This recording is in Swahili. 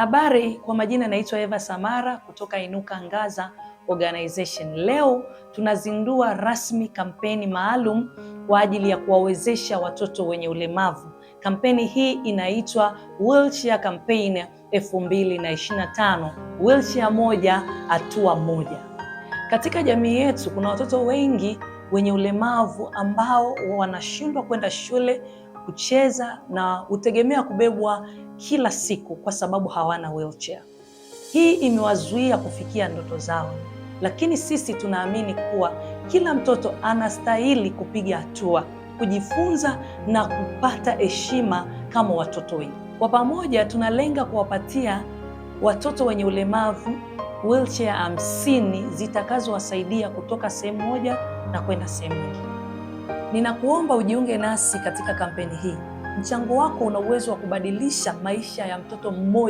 Habari, kwa majina naitwa Eva Samara kutoka Inuka Angaza Organization. Leo tunazindua rasmi kampeni maalum kwa ajili ya kuwawezesha watoto wenye ulemavu. Kampeni hii inaitwa Wheelchair Campaign 2025, wheelchair moja hatua moja. Katika jamii yetu kuna watoto wengi wenye ulemavu ambao wanashindwa kwenda shule kucheza na hutegemea kubebwa kila siku kwa sababu hawana wheelchair. Hii imewazuia kufikia ndoto zao, lakini sisi tunaamini kuwa kila mtoto anastahili kupiga hatua, kujifunza na kupata heshima kama watoto wengi Kwa pamoja tunalenga kuwapatia watoto wenye ulemavu wheelchair 50 zitakazowasaidia kutoka sehemu moja na kwenda sehemu nyingine. Ninakuomba ujiunge nasi katika kampeni hii. Mchango wako una uwezo wa kubadilisha maisha ya mtoto mmoja.